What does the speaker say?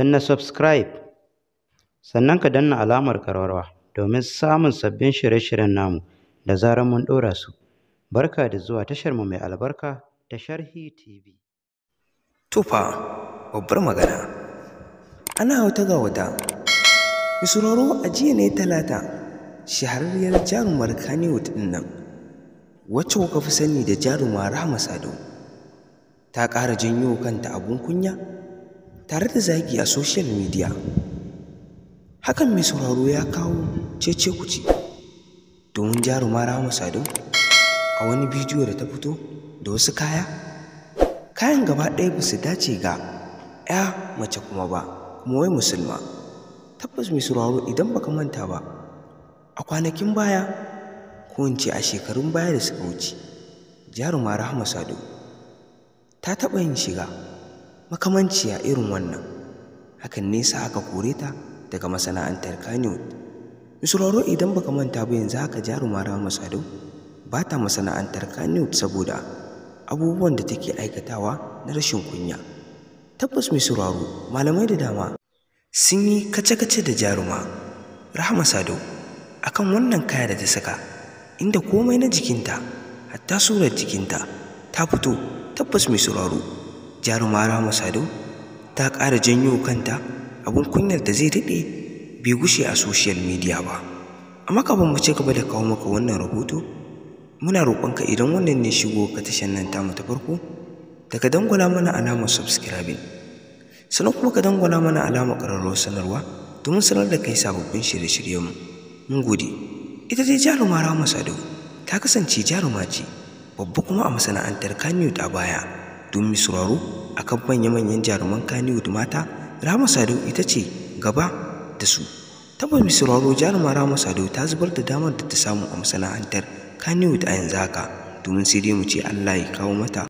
na subscribe sannan ka danna alamar karwarwa domin samun sabbin shirye-shiryen namu da zarar mun ɗora su barka da zuwa tashar mu mai albarka ta sharhi tv tufa babbar magana ana hauta ga wata misuraro a jiya ne talata shahararriyar jarumar kaniwood ɗin nan wacce kuka fi sani da jaruma rahama sado ta ƙara janyo kanta abun kunya tare da zagi a social media hakan mai sauraro ya kawo cece kuce domin jaruma rahama sadau a wani bidiyo da ta fito da wasu kaya kayan gaba ɗaya ba su dace ga ya mace kuma ba kuma wai musulma tabbas mai sauraro idan baka manta ba a kwanakin baya ko a shekarun baya da suka wuce jaruma rahama sadau ta taɓa yin shiga Makamanci a irin wannan hakan nesa aka kore ta daga masana'antar kaniwood misuraro idan baka manta ba yanzu haka jaruma rama sado ba ta masana'antar kaniwood saboda abubuwan da take aikatawa na rashin kunya tabbas misuraro malamai da dama sun yi kace-kace da jaruma rahama sado akan wannan kaya da ta saka inda komai na jikinta hatta surar jikinta ta fito tabbas mai jarumara masado ta ƙara janyo kanta abin kunyar da zai daɗe bai gushe a social media ba amma kafin mu ci gaba da kawo maka wannan rahoto muna roƙonka idan wannan ne shigo ka tashan nan mu ta farko da ka dangwala mana alamar subscribing sannan kuma ka dangwala mana alamar ƙararrawar sanarwa domin sanar da kai sababbin shirye-shiryenmu mun gode ita dai jarumara masado ta kasance jaruma ce babba kuma a masana'antar kanyu a baya don mai sauraro a kan manya-manyan jaruman da mata rama sadau ita ce gaba da su taba mai sauraro jaruma rama sadau ta zubar da damar da ta samu a masana'antar kaniwood a yanzu haka domin sai dai mu ce allah ya kawo mata